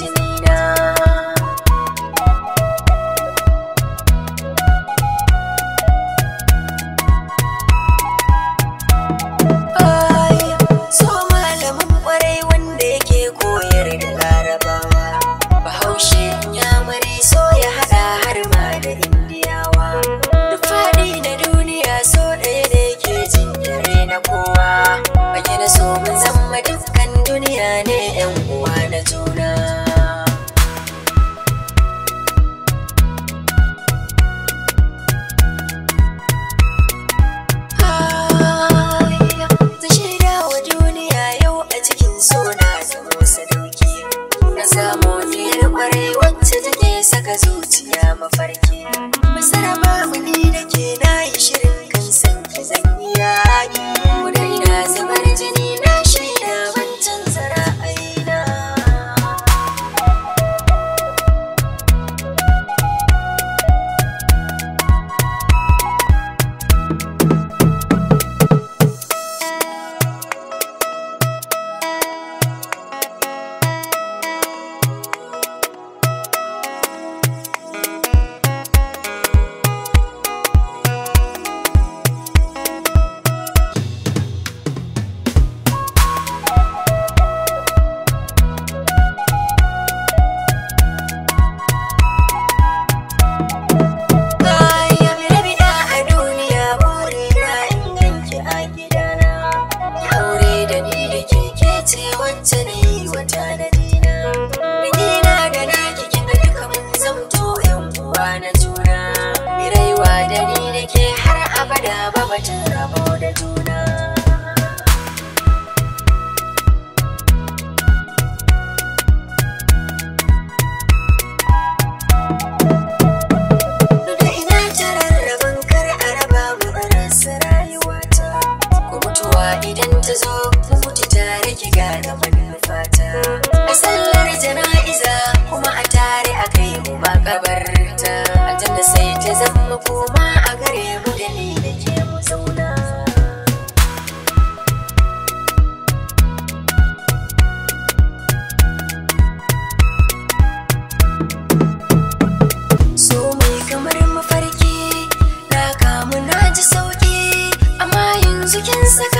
Latina. so ce wacce na yi wa tanadi na Bikina da na kikin da duka mun zamto yan uwa na juna Biraiwa da ni da ke har abada ba batun rabo da juna Idan ta zo ki gane manufata a sallar jana'iza kuma a tare a kai mu makabarta aljanna sai ta zama koma a gare mu da ke mu zauna so mai kamar mafarki na kamu na ji sauki amma yanzu kin saka